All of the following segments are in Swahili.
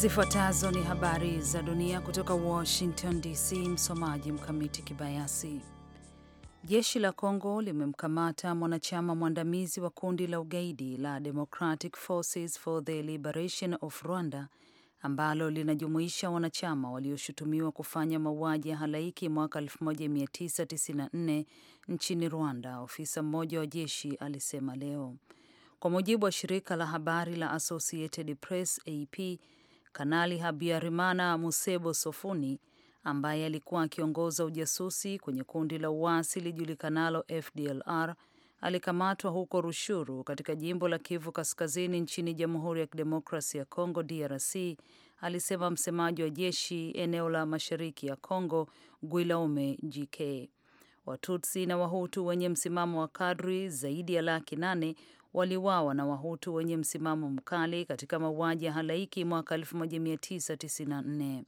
Zifuatazo ni habari za dunia kutoka Washington DC. Msomaji Mkamiti Kibayasi. Jeshi la congo limemkamata mwanachama mwandamizi wa kundi la ugaidi la Democratic Forces for the Liberation of Rwanda ambalo linajumuisha wanachama walioshutumiwa kufanya mauaji ya halaiki mwaka 1994 nchini Rwanda, ofisa mmoja wa jeshi alisema leo, kwa mujibu wa shirika la habari la Associated Press AP. Kanali habiarimana Musebo Sofuni ambaye alikuwa akiongoza ujasusi kwenye kundi la uasi lijulikanalo FDLR alikamatwa huko Rushuru katika jimbo la Kivu Kaskazini nchini Jamhuri ya Kidemokrasi ya Kongo DRC, alisema msemaji wa jeshi eneo la mashariki ya congo guilaume GK. Watutsi na Wahutu wenye msimamo wa kadri zaidi ya laki nane waliwawa na Wahutu wenye msimamo mkali katika mauaji ya halaiki mwaka 1994.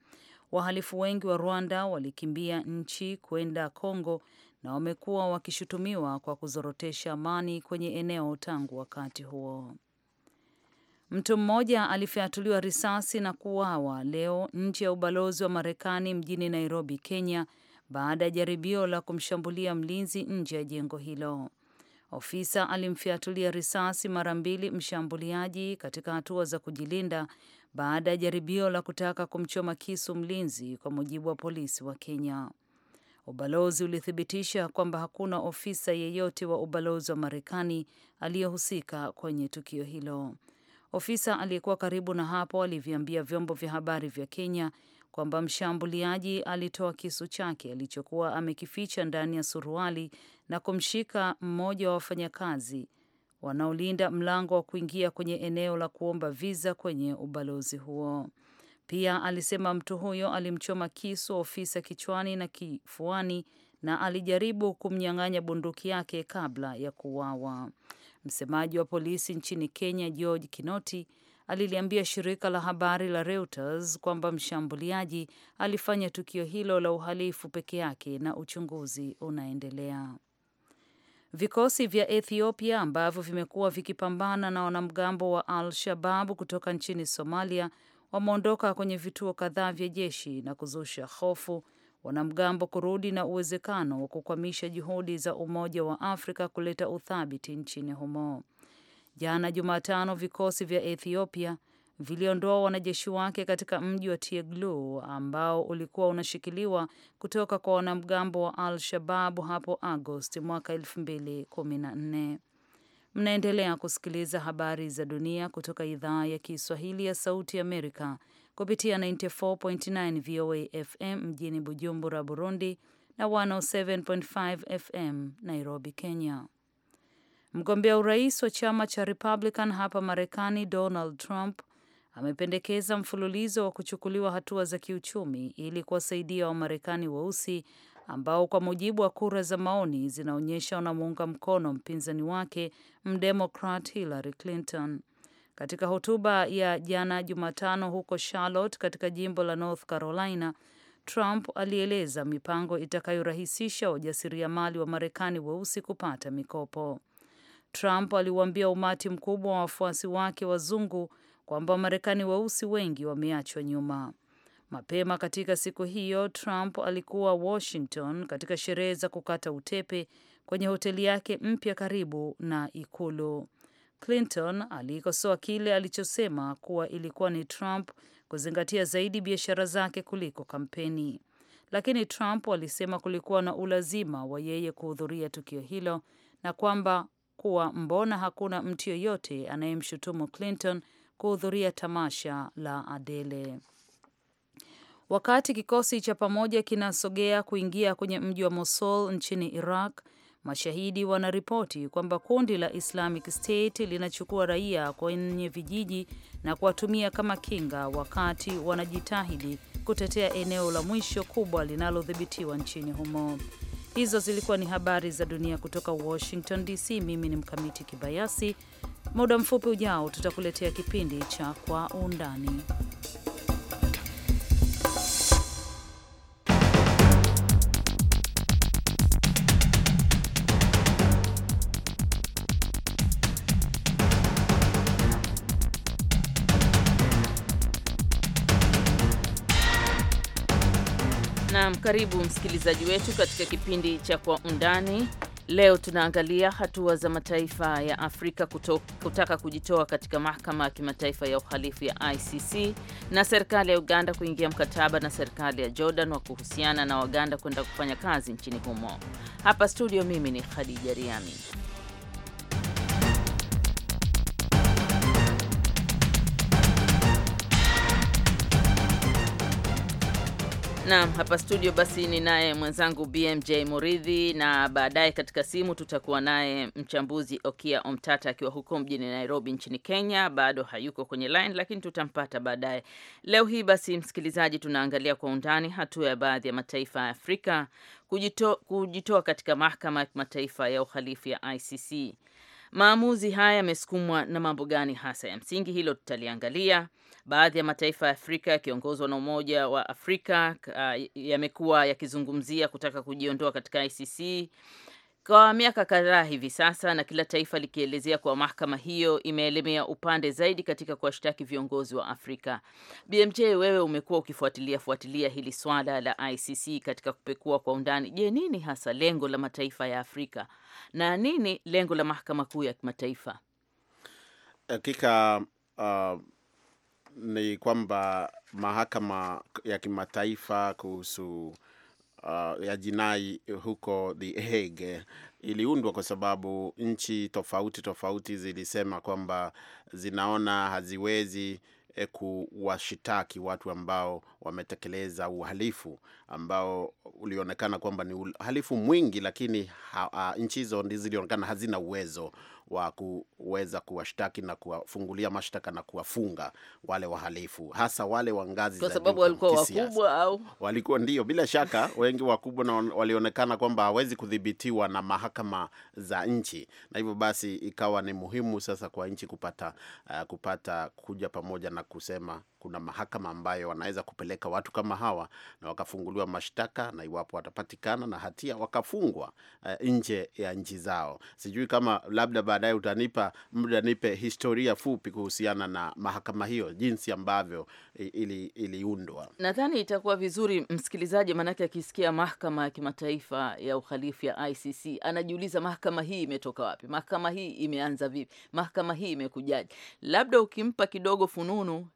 Wahalifu wengi wa Rwanda walikimbia nchi kwenda Kongo na wamekuwa wakishutumiwa kwa kuzorotesha amani kwenye eneo tangu wakati huo. Mtu mmoja alifyatuliwa risasi na kuuawa leo nje ya ubalozi wa Marekani mjini Nairobi, Kenya, baada ya jaribio la kumshambulia mlinzi nje ya jengo hilo. Ofisa alimfiatulia risasi mara mbili mshambuliaji katika hatua za kujilinda baada ya jaribio la kutaka kumchoma kisu mlinzi, kwa mujibu wa polisi wa Kenya. Ubalozi ulithibitisha kwamba hakuna ofisa yeyote wa ubalozi wa Marekani aliyehusika kwenye tukio hilo. Ofisa aliyekuwa karibu na hapo aliviambia vyombo vya habari vya Kenya kwamba mshambuliaji alitoa kisu chake alichokuwa amekificha ndani ya suruali na kumshika mmoja wa wafanyakazi wanaolinda mlango wa kuingia kwenye eneo la kuomba viza kwenye ubalozi huo. Pia alisema mtu huyo alimchoma kisu ofisa kichwani na kifuani na alijaribu kumnyang'anya bunduki yake kabla ya kuuawa. Msemaji wa polisi nchini Kenya George Kinoti aliliambia shirika la habari la Reuters kwamba mshambuliaji alifanya tukio hilo la uhalifu peke yake na uchunguzi unaendelea. Vikosi vya Ethiopia ambavyo vimekuwa vikipambana na wanamgambo wa al shababu kutoka nchini Somalia wameondoka kwenye vituo kadhaa vya jeshi na kuzusha hofu wanamgambo kurudi na uwezekano wa kukwamisha juhudi za Umoja wa Afrika kuleta uthabiti nchini humo. Jana Jumatano, vikosi vya Ethiopia viliondoa wanajeshi wake katika mji wa Tieglu ambao ulikuwa unashikiliwa kutoka kwa wanamgambo wa Al Shababu hapo Agosti mwaka 2014. Mnaendelea kusikiliza habari za dunia kutoka idhaa ya Kiswahili ya Sauti Amerika kupitia 94.9 VOA FM mjini Bujumbura, Burundi na 107.5 FM Nairobi, Kenya. Mgombea urais wa chama cha Republican hapa Marekani, Donald Trump amependekeza mfululizo wa kuchukuliwa hatua za kiuchumi ili kuwasaidia Wamarekani weusi ambao kwa mujibu wa kura za maoni zinaonyesha wanamuunga mkono mpinzani wake mdemokrat Hillary Clinton. Katika hotuba ya jana Jumatano huko Charlotte katika jimbo la North Carolina, Trump alieleza mipango itakayorahisisha wajasiriamali wa Marekani weusi kupata mikopo. Trump aliwaambia umati mkubwa wa wafuasi wake wazungu kwamba Wamarekani weusi wengi wameachwa nyuma. Mapema katika siku hiyo, Trump alikuwa Washington katika sherehe za kukata utepe kwenye hoteli yake mpya karibu na Ikulu. Clinton aliikosoa kile alichosema kuwa ilikuwa ni Trump kuzingatia zaidi biashara zake kuliko kampeni, lakini Trump alisema kulikuwa na ulazima wa yeye kuhudhuria tukio hilo na kwamba kuwa mbona hakuna mtu yoyote anayemshutumu Clinton kuhudhuria tamasha la Adele. Wakati kikosi cha pamoja kinasogea kuingia kwenye mji wa Mosul nchini Iraq, mashahidi wanaripoti kwamba kundi la Islamic State linachukua raia kwenye vijiji na kuwatumia kama kinga wakati wanajitahidi kutetea eneo la mwisho kubwa linalodhibitiwa nchini humo. Hizo zilikuwa ni habari za dunia kutoka Washington DC. Mimi ni Mkamiti Kibayasi. Muda mfupi ujao tutakuletea kipindi cha Kwa Undani. Karibu msikilizaji wetu katika kipindi cha Kwa Undani. Leo tunaangalia hatua za mataifa ya Afrika kuto, kutaka kujitoa katika mahakama ya kimataifa ya uhalifu ya ICC na serikali ya Uganda kuingia mkataba na serikali ya Jordan wa kuhusiana na Waganda kwenda kufanya kazi nchini humo. Hapa studio, mimi ni Khadija Riami. Naam, hapa studio basi ni naye mwenzangu BMJ Muridhi, na baadaye katika simu tutakuwa naye mchambuzi Okia Omtata akiwa huko mjini Nairobi nchini Kenya. Bado hayuko kwenye line, lakini tutampata baadaye. Leo hii basi, msikilizaji, tunaangalia kwa undani hatua ya baadhi ya mataifa ya Afrika kujitoa kujito katika mahakama ya kimataifa ya uhalifu ya ICC. Maamuzi haya yamesukumwa na mambo gani hasa ya msingi? Hilo tutaliangalia Baadhi ya mataifa ya Afrika yakiongozwa na Umoja wa Afrika uh, yamekuwa yakizungumzia kutaka kujiondoa katika ICC kwa miaka kadhaa hivi sasa, na kila taifa likielezea kuwa mahakama hiyo imeelemea upande zaidi katika kuwashtaki viongozi wa Afrika. BMJ, wewe umekuwa ukifuatilia fuatilia hili swala la ICC katika kupekua kwa undani. Je, nini hasa lengo la mataifa ya Afrika na nini lengo la mahakama kuu ya kimataifa? Hakika uh, ni kwamba mahakama ya kimataifa kuhusu uh, ya jinai huko The Hague iliundwa kwa sababu nchi tofauti tofauti zilisema kwamba zinaona haziwezi eh, kuwashitaki watu ambao wametekeleza uhalifu ambao ulionekana kwamba ni uhalifu mwingi, lakini ah, nchi hizo ndi zilionekana hazina uwezo wa kuweza kuwashtaki na kuwafungulia mashtaka na kuwafunga wale wahalifu, hasa wale wa ngazi za sababu walikuwa wakubwa au walikuwa ndio, bila shaka wengi wakubwa na walionekana kwamba hawezi kudhibitiwa na mahakama za nchi, na hivyo basi ikawa ni muhimu sasa kwa nchi kupata uh, kupata kuja pamoja na kusema kuna mahakama ambayo wanaweza kupeleka watu kama hawa na wakafunguliwa mashtaka, na iwapo watapatikana na hatia wakafungwa uh, nje ya nchi zao. Sijui kama labda baadaye utanipa muda nipe historia fupi kuhusiana na mahakama hiyo, jinsi ambavyo iliundwa ili nadhani itakuwa vizuri msikilizaji, maanake akisikia mahakama ya kimataifa ya uhalifu ya ICC anajiuliza mahakama hii imetoka wapi? Mahakama hii imeanza vipi? Mahakama hii imekujaje? Labda ukimpa kidogo fununu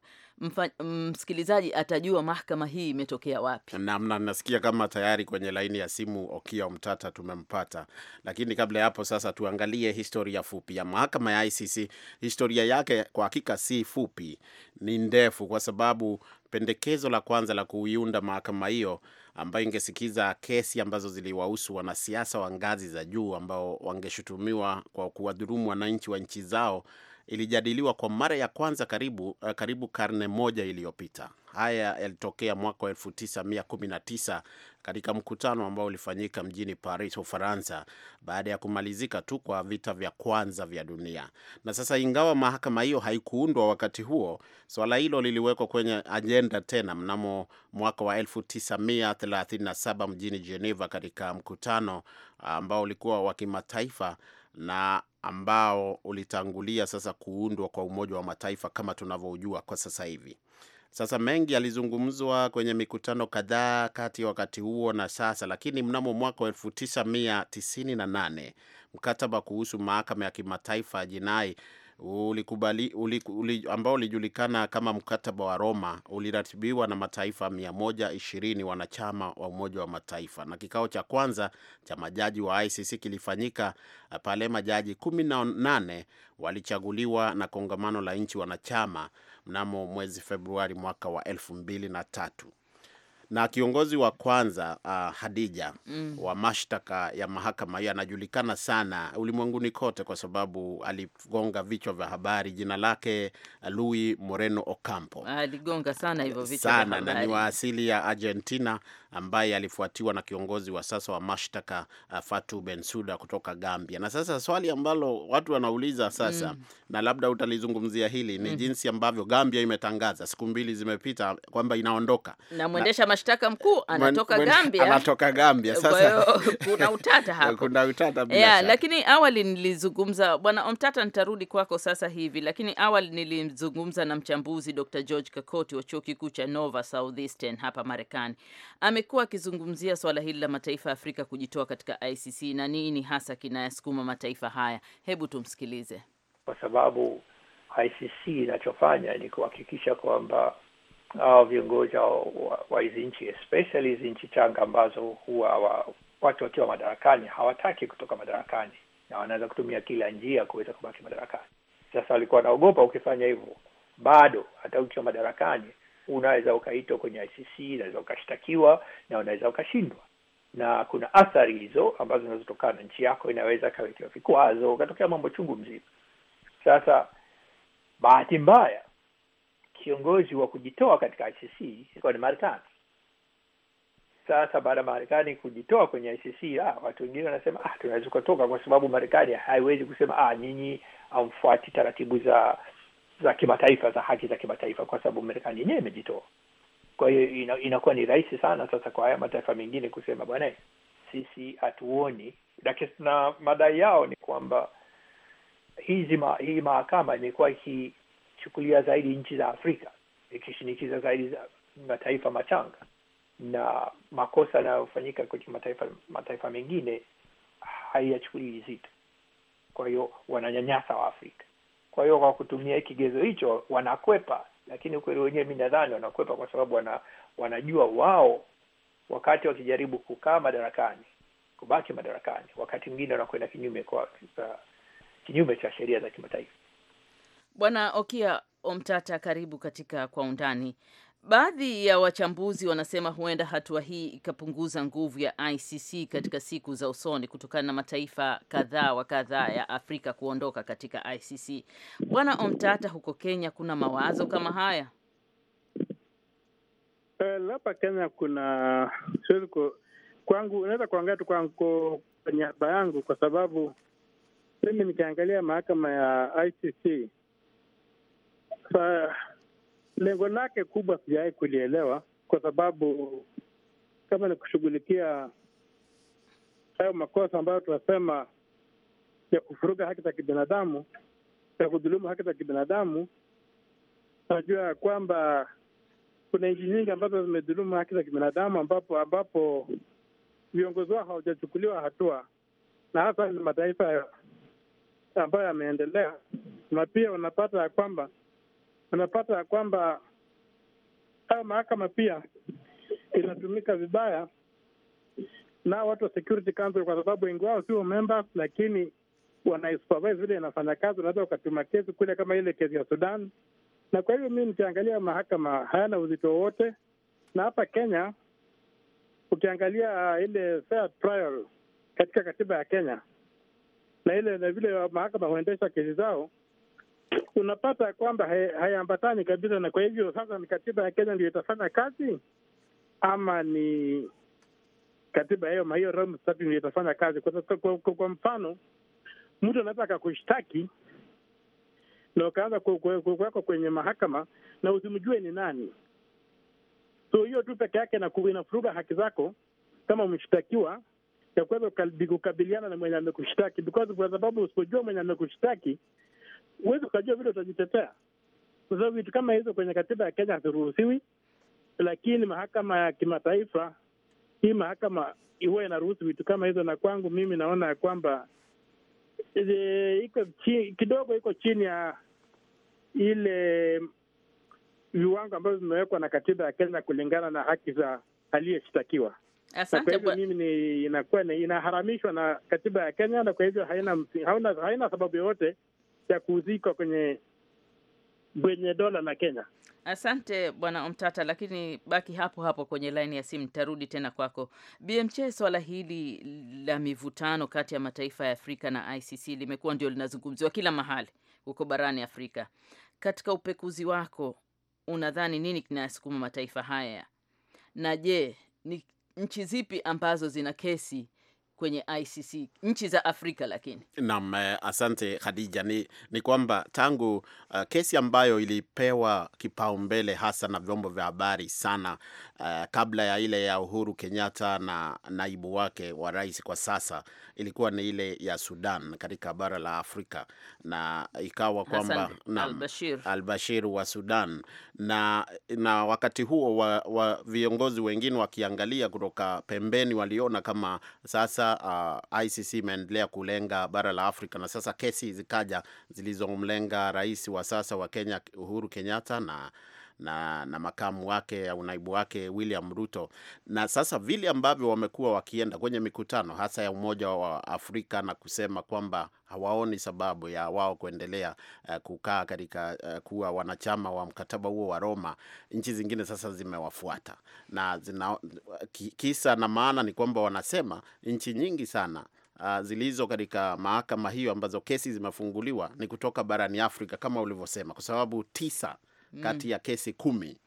msikilizaji atajua mahakama hii imetokea wapi. Namna nasikia kama tayari kwenye laini ya simu Okia Mtata tumempata, lakini kabla ya hapo sasa tuangalie historia fupi ya mahakama ya ICC. Historia yake kwa hakika si fupi, ni ndefu, kwa sababu pendekezo la kwanza la kuiunda mahakama hiyo ambayo ingesikiza kesi ambazo ziliwahusu wanasiasa wa ngazi za juu ambao wangeshutumiwa kwa kuwadhurumu wananchi wa nchi zao ilijadiliwa kwa mara ya kwanza karibu, eh, karibu karne moja iliyopita. Haya yalitokea mwaka wa 1919 katika mkutano ambao ulifanyika mjini Paris, Ufaransa, baada ya kumalizika tu kwa vita vya kwanza vya dunia. Na sasa, ingawa mahakama hiyo haikuundwa wakati huo, swala hilo liliwekwa kwenye ajenda tena mnamo mwaka wa 1937 mjini Geneva, katika mkutano ah, ambao ulikuwa wa kimataifa na ambao ulitangulia sasa kuundwa kwa Umoja wa Mataifa kama tunavyojua kwa sasa hivi. Sasa mengi yalizungumzwa kwenye mikutano kadhaa kati ya wakati huo na sasa, lakini mnamo mwaka wa 1998 mkataba kuhusu mahakama ya kimataifa ya jinai ulikubali, uli, uli, ambao ulijulikana kama mkataba wa Roma uliratibiwa na mataifa 120 wanachama wa Umoja wa Mataifa, na kikao cha kwanza cha majaji wa ICC kilifanyika eh, pale majaji 18 walichaguliwa na kongamano la nchi wanachama mnamo mwezi Februari mwaka wa tatu na kiongozi wa kwanza uh, Hadija mm. wa mashtaka ya mahakama hiyo anajulikana sana ulimwenguni kote kwa sababu aligonga vichwa vya habari. Jina lake ah, Luis Moreno Ocampo ah, aligonga sana hivyo vichwa vya habari sana, na ni wa asili ya Argentina ambaye alifuatiwa na kiongozi wa sasa wa mashtaka uh, Fatu Bensuda kutoka Gambia. Na sasa swali ambalo watu wanauliza sasa mm. na labda utalizungumzia hili ni mm. jinsi ambavyo Gambia imetangaza siku mbili zimepita kwamba inaondoka na mwendesha na mashtaka mkuu anatoka Gambia, anatoka Gambia. Sasa kuna utata hapo, kuna utata bila yeah, lakini awali nilizungumza bwana Omtata, nitarudi kwako sasa hivi, lakini awali nilizungumza na mchambuzi Dr. George Kakoti wa chuo kikuu cha Nova Southeastern hapa Marekani. Amekuwa akizungumzia swala hili la mataifa ya Afrika kujitoa katika ICC na nini hasa kinayasukuma mataifa haya. Hebu tumsikilize. Kwa sababu ICC inachofanya ni kuhakikisha kwamba au viongozi wa hizi nchi especially hizi nchi changa ambazo huwa wa, watu wakiwa madarakani hawataki kutoka madarakani na wanaweza kutumia kila njia kuweza kubaki madarakani. Sasa walikuwa wanaogopa ukifanya hivyo, bado hata ukiwa madarakani unaweza ukaitwa kwenye ICC, unaweza ukashtakiwa na unaweza ukashindwa, na kuna athari hizo ambazo zinazotokana, nchi yako inaweza kawekewa vikwazo, ukatokea mambo chungu mzima. Sasa bahati mbaya kiongozi wa kujitoa katika ICC ilikuwa ni Marekani. Sasa baada ya Marekani kujitoa kwenye ICC, ah, watu wengine wanasema ah, tunaweza kutoka kwa sababu Marekani haiwezi kusema ah, nyinyi hamfuati taratibu za za kimataifa za haki za kimataifa, kwa sababu Marekani yenyewe imejitoa. Kwa hiyo ina, inakuwa ni rahisi sana sasa kwa haya mataifa mengine kusema bwana, sisi hatuoni, lakini na madai yao ni kwamba hizi ma, hii mahakama imekuwa kuchukulia zaidi nchi za Afrika ikishinikiza zaidi za mataifa machanga, na makosa yanayofanyika kwenye mataifa mataifa mengine haiyachukulii zito. Kwa hiyo wananyanyasa Waafrika. Kwa hiyo kwa kutumia kigezo hicho wanakwepa, lakini ukweli wenyewe mi nadhani wanakwepa kwa sababu wana, wanajua wao wakati wakijaribu kukaa madarakani, kubaki madarakani, wakati mwingine wanakwenda kinyume kwa uh, kinyume cha sheria za kimataifa. Bwana Okia Omtata, karibu katika Kwa Undani. Baadhi ya wachambuzi wanasema huenda hatua hii ikapunguza nguvu ya ICC katika siku za usoni kutokana na mataifa kadhaa wa kadhaa ya Afrika kuondoka katika ICC. Bwana Omtata, huko Kenya kuna mawazo kama haya? Eh, labda Kenya kuna siwezi kwangu, unaweza kuangalia tu kwenye haba yangu, kwa sababu mimi nikiangalia mahakama ya ICC sasa lengo lake kubwa sijawahi kulielewa, kwa sababu kama ni kushughulikia hayo makosa ambayo tunasema ya kufuruga haki za kibinadamu, ya kudhulumu haki za kibinadamu, najua ya kwamba kuna nchi nyingi ambazo zimedhulumu haki za kibinadamu, ambapo ambapo viongozi wao hawajachukuliwa hatua, na hasa ni mataifa ambayo yameendelea, na pia unapata ya kwamba unapata ya kwamba hayo mahakama pia inatumika vibaya na watu wa Security Council, kwa sababu wengi wao sio members, lakini wanaispavise vile inafanya kazi. Unaweza ukatuma kesi kule kama ile kesi ya Sudan, na kwa hivyo mii nikiangalia mahakama hayana uzito wowote, na hapa Kenya ukiangalia uh, ile fair trial katika katiba ya Kenya na ile na vile mahakama huendesha kesi zao unapata kwamba hayaambatani kabisa. Na kwa hivyo sasa, ni katiba ya Kenya ndio itafanya kazi ama ni katiba hiyo mahiyo ndio itafanya kazi? Kwa, kwa, kwa mfano mtu anaweza akakushtaki na ukaanza kuwekwa kwenye mahakama na usimjue ni nani. So hiyo tu peke yake inafuruga haki zako kama umeshtakiwa ya kuweza kukabiliana na mwenye amekushtaki, because kwa sababu usipojua mwenye amekushtaki huwezi ukajua vile utajitetea, kwa sababu vitu kama hizo kwenye katiba ya Kenya haziruhusiwi Lakini mahakama ya kimataifa hii mahakama huwa inaruhusu vitu kama hizo, na kwangu mimi naona ya kwamba eh, iko kidogo iko chini ya ile viwango ambavyo vimewekwa na katiba ya Kenya kulingana na haki za aliyeshtakiwa. Asante. Kwa hivyo mimi ni inakuwa ni inaharamishwa na katiba ya Kenya, na kwa hivyo haina haina, haina sababu yoyote ya kuzikwa kwenye kwenye dola na Kenya. Asante bwana Omtata, lakini baki hapo hapo kwenye laini ya simu, nitarudi tena kwako BMC. Swala hili la mivutano kati ya mataifa ya Afrika na ICC limekuwa ndio linazungumziwa kila mahali huko barani Afrika. Katika upekuzi wako, unadhani nini kinayasukuma mataifa haya, na je, ni nchi zipi ambazo zina kesi kwenye ICC nchi za Afrika lakini. Naam, eh, asante Khadija. Ni, ni kwamba tangu uh, kesi ambayo ilipewa kipaumbele hasa na vyombo vya habari sana uh, kabla ya ile ya Uhuru Kenyatta na naibu wake wa rais kwa sasa ilikuwa ni ile ya Sudan katika bara la Afrika, na ikawa kwamba al-Bashir al-Bashir wa Sudan na, na wakati huo wa, wa viongozi wengine wakiangalia kutoka pembeni waliona kama sasa uh, ICC imeendelea kulenga bara la Afrika na sasa kesi zikaja zilizomlenga rais wa sasa wa Kenya Uhuru Kenyatta na na, na makamu wake au naibu wake William Ruto, na sasa vile ambavyo wamekuwa wakienda kwenye mikutano hasa ya Umoja wa Afrika na kusema kwamba hawaoni sababu ya wao kuendelea uh, kukaa katika uh, kuwa wanachama wa mkataba huo wa Roma. Nchi zingine sasa zimewafuata na zina, kisa na maana ni kwamba wanasema nchi nyingi sana Uh, zilizo katika mahakama hiyo ambazo kesi zimefunguliwa ni kutoka barani Afrika kama ulivyosema, kwa sababu tisa Mm. kati ya kesi kumi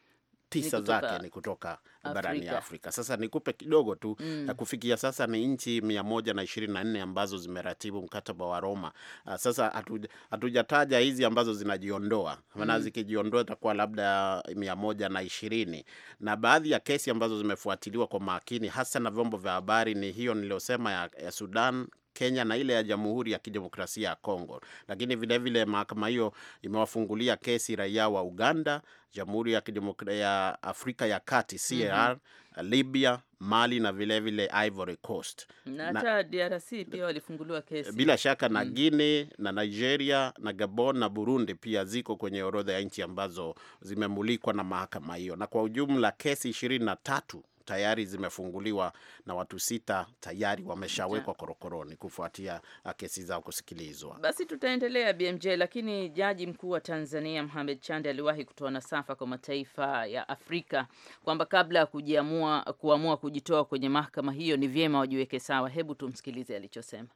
tisa zake ni kutoka barani ya Afrika. Sasa nikupe kidogo tu mm. Kufikia sasa ni nchi mia moja na ishirini na nne ambazo zimeratibu mkataba wa Roma. Ah, sasa hatujataja hizi ambazo zinajiondoa, maana mm. zikijiondoa itakuwa labda mia moja na ishirini na baadhi ya kesi ambazo zimefuatiliwa kwa makini hasa na vyombo vya habari ni hiyo niliyosema ya, ya Sudan, Kenya na ile ya Jamhuri ya Kidemokrasia ya Kongo. Lakini vilevile mahakama hiyo imewafungulia kesi raia wa Uganda, Jamhuri ya Kidemokrasia ya Afrika ya Kati mhm. CAR mm -hmm. Libya, Mali na vilevile vile Ivory Coast na hata DRC pia walifunguliwa kesi bila shaka na mm. Guinea na Nigeria na Gabon na Burundi pia ziko kwenye orodha ya nchi ambazo zimemulikwa na mahakama hiyo, na kwa ujumla kesi ishirini na tatu tayari zimefunguliwa na watu sita tayari wameshawekwa korokoroni kufuatia ah, kesi zao kusikilizwa. Basi tutaendelea BMJ, lakini jaji mkuu wa Tanzania Mohamed Chande aliwahi kutoa nasafa kwa mataifa ya Afrika kwamba kabla ya kujiamua kuamua kujitoa kwenye mahakama hiyo ni vyema wajiweke sawa. Hebu tumsikilize alichosema.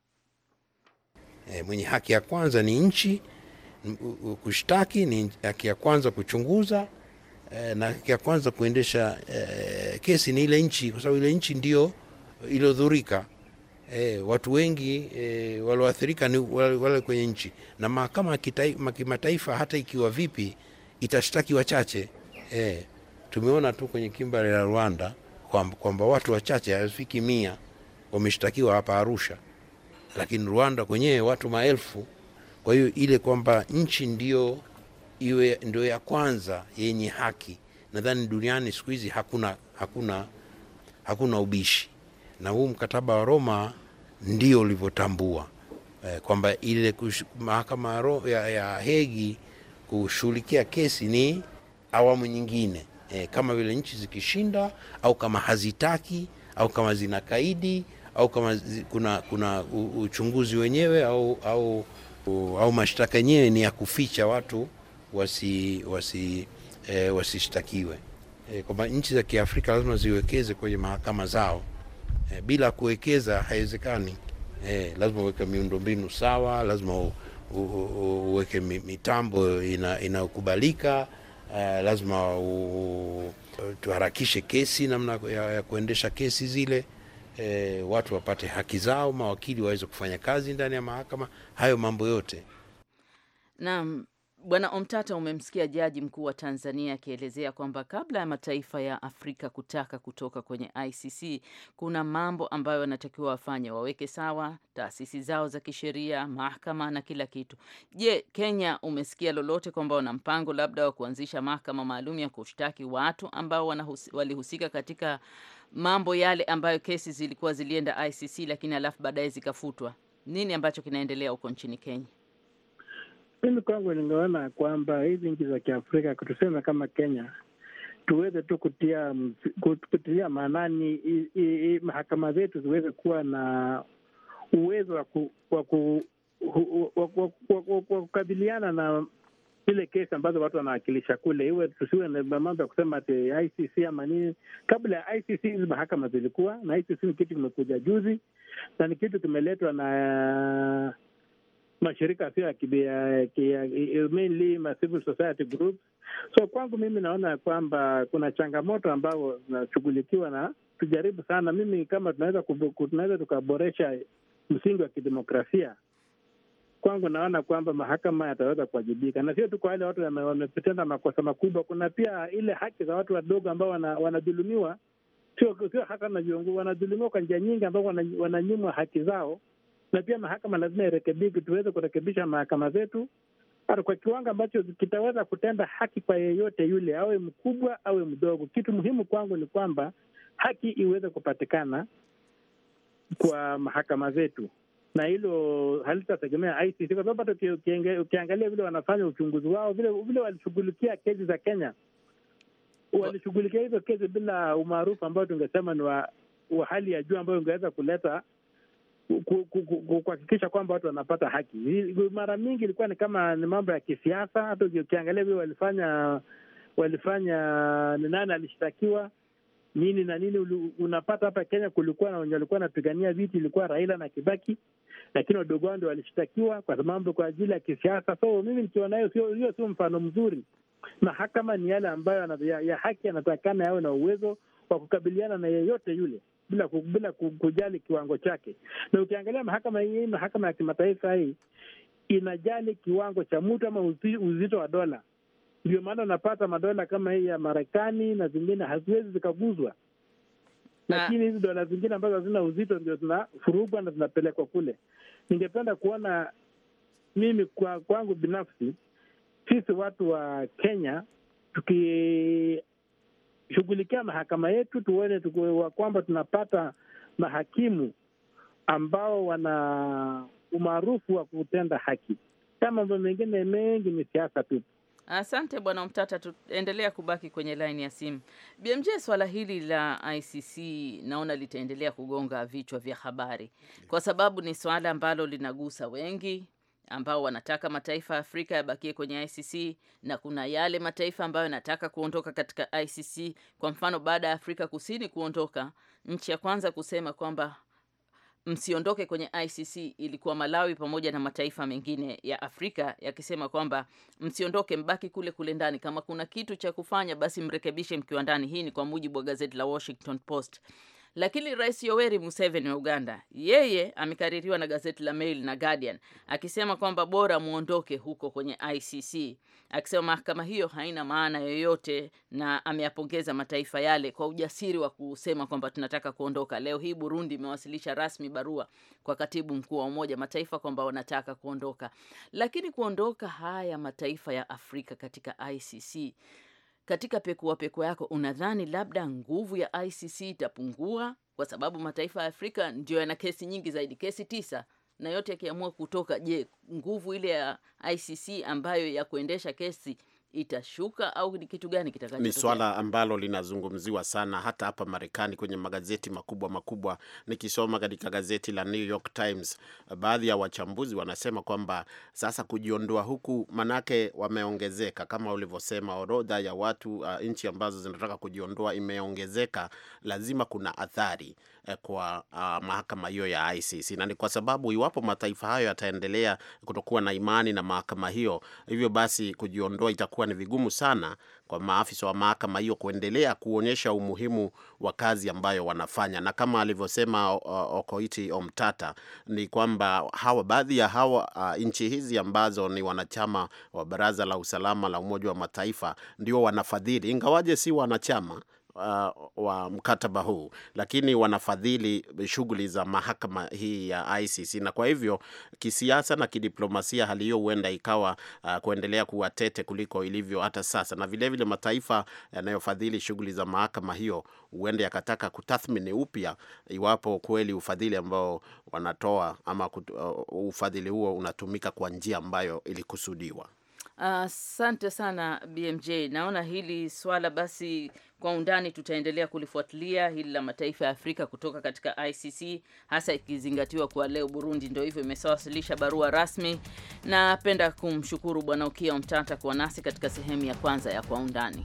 E, mwenye haki ya kwanza ni nchi kushtaki, ni haki ya kwanza kuchunguza Eh, na ya kwanza kuendesha eh, kesi ni ile nchi, kwa sababu ile nchi ndio iliyodhurika. Eh, watu wengi eh, walioathirika ni wale kwenye nchi, na mahakama ya kimataifa hata ikiwa vipi itashtaki wachache. Eh, tumeona tu kwenye kimbari la Rwanda kwamba kwa watu wachache hawafiki mia wameshtakiwa hapa Arusha, lakini Rwanda kwenyewe watu maelfu. Kwa hiyo ile kwamba nchi ndio iwe ndio ya kwanza yenye haki. Nadhani duniani siku hizi hakuna, hakuna, hakuna ubishi, na huu mkataba wa Roma ndio ulivyotambua eh, kwamba ile mahakama ya, ya Hegi kushughulikia kesi ni awamu nyingine eh, kama vile nchi zikishinda au kama hazitaki au kama zina kaidi au kama zi, kuna, kuna uchunguzi wenyewe au, au, au mashtaka yenyewe ni ya kuficha watu wasi, wasi, eh, wasishtakiwe. Eh, kwamba nchi za Kiafrika lazima ziwekeze kwenye mahakama zao. Eh, bila kuwekeza haiwezekani. Eh, lazima uweke miundombinu sawa, lazima uweke mitambo inayokubalika ina uh, eh, lazima tuharakishe kesi, namna ya, ya kuendesha kesi zile E, watu wapate haki zao, mawakili waweze kufanya kazi ndani ya mahakama, hayo mambo yote. Naam, Bwana Omtata, umemsikia jaji mkuu wa Tanzania akielezea kwamba kabla ya mataifa ya Afrika kutaka kutoka kwenye ICC kuna mambo ambayo wanatakiwa wafanye, waweke sawa taasisi zao za kisheria, mahakama na kila kitu. Je, Kenya umesikia lolote kwamba wana mpango labda wa kuanzisha mahakama maalum ya kushtaki watu ambao walihusika katika mambo yale ambayo kesi zilikuwa zilienda ICC, lakini alafu baadaye zikafutwa? Nini ambacho kinaendelea huko nchini Kenya? Mimi kwangu ningeona kwamba hizi nchi za Kiafrika, tuseme kama Kenya, tuweze tu kutia kutilia maanani mahakama zetu ziweze kuwa na uwezo wa kukabiliana na zile kesi ambazo watu wanawakilisha kule, iwe tusiwe na mambo ya kusema ati ICC ama nini. Kabla ya ICC hizi mahakama zilikuwa na ICC, ni kitu kimekuja juzi na ni kitu kimeletwa na mashirika sio ya kibia, mainly ma civil society groups. So kwangu mimi naona ya kwamba kuna changamoto ambazo zinashughulikiwa na tujaribu sana. Mimi kama tunaweza tunaweza tukaboresha msingi wa kidemokrasia, kwangu naona kwamba mahakama yataweza kuwajibika, na sio tu kwa wale watu wametenda makosa makubwa. Kuna pia ile haki za watu wadogo ambao wanadhulumiwa, sio sio hata na viongozi, wanadhulumiwa kwa njia nyingi, ambao wananyimwa haki zao na pia mahakama lazima irekebike, tuweze kurekebisha mahakama zetu kwa kiwango ambacho kitaweza kutenda haki kwa yeyote yule, awe mkubwa awe mdogo. Kitu muhimu kwangu ni kwamba haki iweze kupatikana kwa mahakama zetu, na hilo halitategemea ICC, kwa sababu hata ukiangalia vile wanafanya uchunguzi wao, vile vile walishughulikia kesi za Kenya, walishughulikia hizo kesi bila umaarufu ambao tungesema ni wa, wa hali ya juu, ambayo ungeweza kuleta kuhakikisha kwamba watu wanapata haki. Mara mingi ilikuwa ni kama ni mambo ya kisiasa. Hata ukiangalia vile walifanya walifanya ni nani alishtakiwa nini na nini, unapata hapa Kenya kulikuwa na wenye walikuwa wanapigania viti, ilikuwa Raila na Kibaki, lakini wadogo wao ndio walishtakiwa kwa mambo kwa ajili ya kisiasa. So mimi nikiona hiyo hiyo sio mfano mzuri. Mahakama ni yale ambayo ya, ya haki yanatakana yawe na uwezo wa kukabiliana na yeyote yule bila bila kujali kiwango chake. Na ukiangalia mahakama hii, mahakama ya kimataifa hii inajali kiwango cha mtu ama uzito wa dola. Ndio maana unapata madola kama hii ya Marekani na zingine haziwezi zikaguzwa, lakini hizi dola zingine ambazo hazina uzito ndio zinafurugwa na zinapelekwa kule. Ningependa kuona mimi kwa kwangu binafsi, sisi watu wa Kenya tuki shughulikia mahakama yetu, tuone kwamba tunapata mahakimu ambao wana umaarufu wa kutenda haki. Kama mambo mengine mengi ni siasa tu. Asante bwana Mtata, tuendelea kubaki kwenye laini ya simu. BMJ, swala hili la ICC naona litaendelea kugonga vichwa vya habari kwa sababu ni swala ambalo linagusa wengi ambao wanataka mataifa ya Afrika yabakie kwenye ICC na kuna yale mataifa ambayo yanataka kuondoka katika ICC. Kwa mfano, baada ya Afrika Kusini kuondoka, nchi ya kwanza kusema kwamba msiondoke kwenye ICC ilikuwa Malawi pamoja na mataifa mengine ya Afrika yakisema kwamba msiondoke, mbaki kule kule ndani, kama kuna kitu cha kufanya basi mrekebishe mkiwa ndani. Hii ni kwa mujibu wa gazeti la Washington Post. Lakini Rais Yoweri Museveni wa Uganda yeye amekaririwa na gazeti la Mail na Guardian akisema kwamba bora muondoke huko kwenye ICC, akisema mahakama hiyo haina maana yoyote, na ameyapongeza mataifa yale kwa ujasiri wa kusema kwamba tunataka kuondoka. Leo hii Burundi imewasilisha rasmi barua kwa katibu mkuu wa Umoja Mataifa kwamba wanataka kuondoka, lakini kuondoka haya mataifa ya Afrika katika ICC katika pekua pekua yako, unadhani labda nguvu ya ICC itapungua kwa sababu mataifa ya Afrika ndio yana kesi nyingi zaidi, kesi tisa, na yote yakiamua kutoka, je, nguvu ile ya ICC ambayo ya kuendesha kesi itashuka au ni kitu gani kitakacho? Ni swala ambalo linazungumziwa sana hata hapa Marekani kwenye magazeti makubwa makubwa. Nikisoma katika gazeti la New York Times, baadhi ya wachambuzi wanasema kwamba sasa kujiondoa huku manake wameongezeka, kama ulivyosema, orodha ya watu uh, nchi ambazo zinataka kujiondoa imeongezeka. Lazima kuna athari eh, kwa uh, mahakama hiyo ya ICC, na ni kwa sababu iwapo mataifa hayo yataendelea kutokuwa na imani na mahakama hiyo, hivyo basi kujiondoa itakuwa itakuwa ni vigumu sana kwa maafisa wa mahakama hiyo kuendelea kuonyesha umuhimu wa kazi ambayo wanafanya, na kama alivyosema Okoiti Omtata ni kwamba hawa baadhi ya hawa uh, nchi hizi ambazo ni wanachama wa Baraza la Usalama la Umoja wa Mataifa ndio wanafadhili, ingawaje si wanachama uh, wa mkataba huu, lakini wanafadhili shughuli za mahakama hii ya ICC, na kwa hivyo kisiasa na kidiplomasia hali hiyo huenda ikawa uh, kuendelea kuwa tete kuliko ilivyo hata sasa, na vilevile vile mataifa yanayofadhili shughuli za mahakama hiyo huenda yakataka kutathmini upya iwapo kweli ufadhili ambao wanatoa ama uh, ufadhili huo unatumika kwa njia ambayo ilikusudiwa. Asante uh, sana BMJ. Naona hili swala basi kwa undani tutaendelea kulifuatilia hili la mataifa ya Afrika kutoka katika ICC, hasa ikizingatiwa kuwa leo Burundi ndio hivyo imesawasilisha barua rasmi. Napenda kumshukuru Bwana Ukia Mtata kuwa nasi katika sehemu ya kwanza ya kwa undani.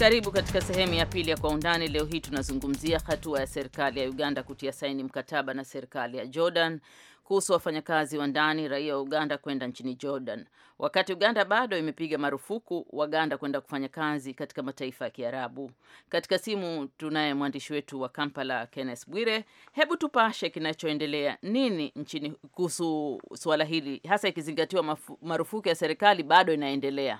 Karibu katika sehemu ya pili ya Kwa Undani. Leo hii tunazungumzia hatua ya serikali ya Uganda kutia saini mkataba na serikali ya Jordan kuhusu wafanyakazi wa ndani raia wa Uganda kwenda nchini Jordan, wakati Uganda bado imepiga marufuku Waganda kwenda kufanya kazi katika mataifa ya Kiarabu. Katika simu tunaye mwandishi wetu wa Kampala, Kenneth Bwire. Hebu tupashe kinachoendelea nini nchini kuhusu suala hili, hasa ikizingatiwa marufuku ya serikali bado inaendelea.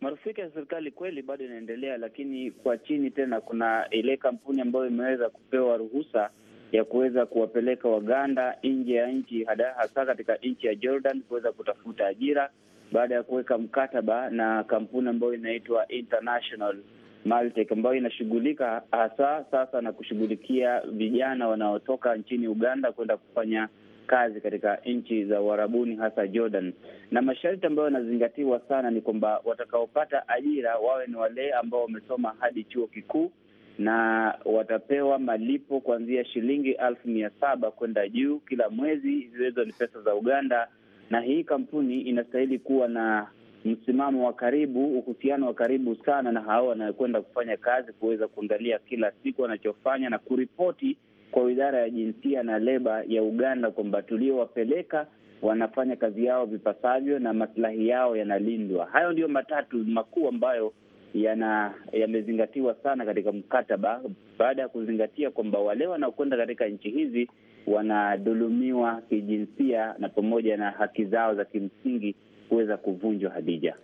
marufiki ya serikali kweli bado inaendelea, lakini kwa chini tena kuna ile kampuni ambayo imeweza kupewa ruhusa ya kuweza kuwapeleka Waganda nje ya nchi, hasa katika nchi ya Jordan kuweza kutafuta ajira baada ya kuweka mkataba na kampuni ambayo inaitwa International Maltech ambayo inashughulika hasa sasa na kushughulikia vijana wanaotoka nchini Uganda kwenda kufanya kazi katika nchi za uharabuni hasa Jordan. Na masharti ambayo yanazingatiwa sana ni kwamba watakaopata ajira wawe ni wale ambao wamesoma hadi chuo kikuu na watapewa malipo kuanzia shilingi elfu mia saba kwenda juu kila mwezi. Hizo ni pesa za Uganda, na hii kampuni inastahili kuwa na msimamo wa karibu, uhusiano wa karibu sana na hao wanaokwenda kufanya kazi, kuweza kuangalia kila siku wanachofanya na kuripoti kwa Wizara ya Jinsia na Leba ya Uganda kwamba tuliowapeleka wanafanya kazi yao vipasavyo na masilahi yao yanalindwa. Hayo ndiyo matatu makuu ambayo yana yamezingatiwa sana katika mkataba, baada ya kuzingatia kwamba wale wanaokwenda katika nchi hizi wanadhulumiwa kijinsia na pamoja na haki zao za kimsingi kuweza kuvunjwa. Hadija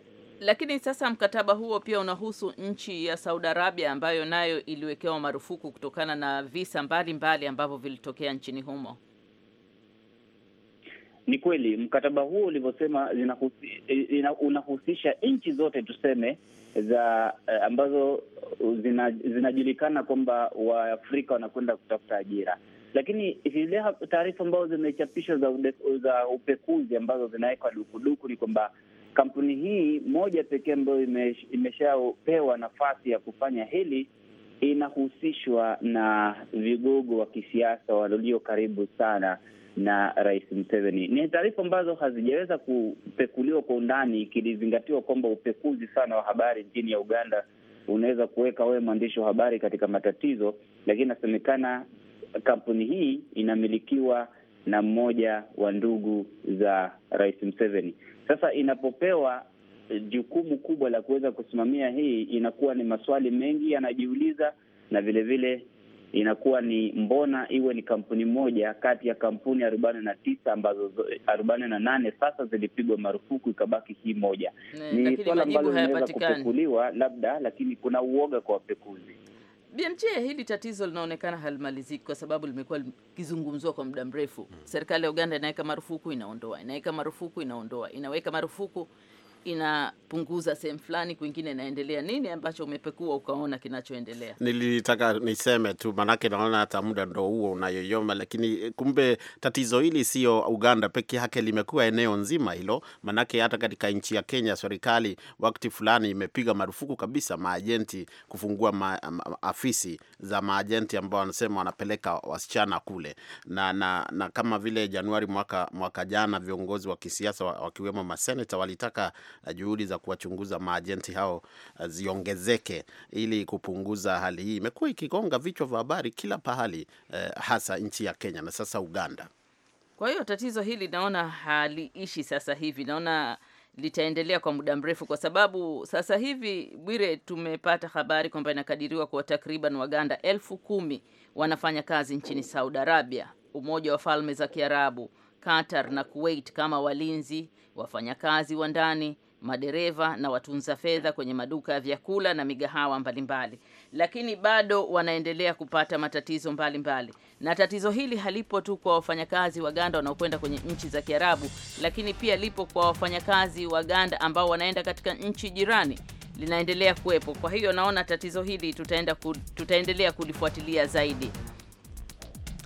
lakini sasa mkataba huo pia unahusu nchi ya Saudi Arabia ambayo nayo iliwekewa marufuku kutokana na visa mbalimbali ambavyo vilitokea nchini humo. Ni kweli mkataba huo ulivyosema unahusisha nchi zote tuseme za eh, ambazo zina, zinajulikana kwamba Waafrika wanakwenda kutafuta ajira, lakini zile taarifa ambazo zimechapishwa za, za upekuzi ambazo zinawekwa dukuduku ni kwamba Kampuni hii moja pekee ambayo imeshapewa nafasi ya kufanya hili inahusishwa na vigogo wa kisiasa walio karibu sana na Rais Museveni. Ni taarifa ambazo hazijaweza kupekuliwa kwa undani, ikilizingatiwa kwamba upekuzi sana wa habari nchini ya Uganda unaweza kuweka wewe mwandishi wa habari katika matatizo, lakini inasemekana kampuni hii inamilikiwa na mmoja wa ndugu za Rais mseveni Sasa inapopewa eh, jukumu kubwa la kuweza kusimamia hii, inakuwa ni maswali mengi yanajiuliza, na vilevile vile inakuwa ni mbona iwe ni kampuni moja kati ya kampuni arobaini na tisa ambazo eh, arobaini na nane sasa zilipigwa marufuku ikabaki hii moja. Ni swala ambalo linaweza kupekuliwa labda, lakini kuna uoga kwa wapekuzi. BMJ, hili tatizo linaonekana halimaliziki kwa sababu limekuwa likizungumzwa kwa muda mrefu. Hmm. Serikali ya Uganda inaweka marufuku, inaondoa, inaweka marufuku, inaondoa, inaweka marufuku inapunguza sehemu fulani, kwingine inaendelea. Nini ambacho umepekua ukaona kinachoendelea? Nilitaka niseme tu, maanake naona hata muda ndo huo unayoyoma, lakini eh, kumbe tatizo hili sio Uganda peke yake, limekuwa eneo nzima hilo. Maanake hata katika nchi ya Kenya serikali wakati fulani imepiga marufuku kabisa maajenti kufungua ma, ma, afisi za maajenti ambao wanasema wanapeleka wasichana kule na, na, na kama vile Januari mwaka, mwaka jana viongozi wa kisiasa wakiwemo maseneta walitaka juhudi za kuwachunguza maajenti hao eh, ziongezeke ili kupunguza hali hii. Imekuwa ikigonga vichwa vya habari kila pahali eh, hasa nchi ya Kenya na sasa Uganda. Kwa hiyo tatizo hili naona haliishi sasa hivi, naona litaendelea kwa muda mrefu, kwa sababu sasa hivi, Bwire, tumepata habari kwamba inakadiriwa kuwa takriban Waganda elfu kumi wanafanya kazi nchini Saudi Arabia, Umoja wa Falme za Kiarabu, Qatar na Kuwait kama walinzi wafanyakazi wa ndani, madereva na watunza fedha kwenye maduka ya vyakula na migahawa mbalimbali mbali. Lakini bado wanaendelea kupata matatizo mbalimbali mbali. Na tatizo hili halipo tu kwa wafanyakazi wa ganda wanaokwenda kwenye nchi za Kiarabu, lakini pia lipo kwa wafanyakazi wa ganda ambao wanaenda katika nchi jirani linaendelea kuwepo. Kwa hiyo naona tatizo hili tutaenda ku, tutaendelea kulifuatilia zaidi.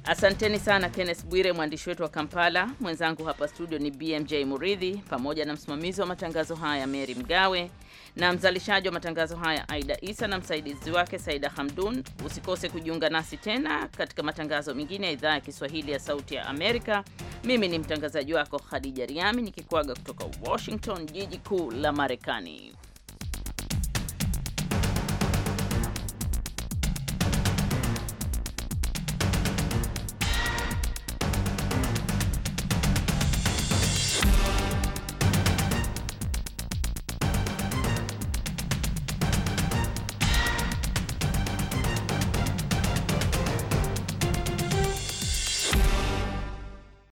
Asanteni sana Kenneth Bwire, mwandishi wetu wa Kampala. Mwenzangu hapa studio ni BMJ Muridhi, pamoja na msimamizi wa matangazo haya Mary Mgawe na mzalishaji wa matangazo haya Aida Isa na msaidizi wake Saida Hamdun. Usikose kujiunga nasi tena katika matangazo mengine ya idhaa ya Kiswahili ya Sauti ya Amerika. Mimi ni mtangazaji wako Khadija Riami nikikuaga kutoka Washington, jiji kuu la Marekani.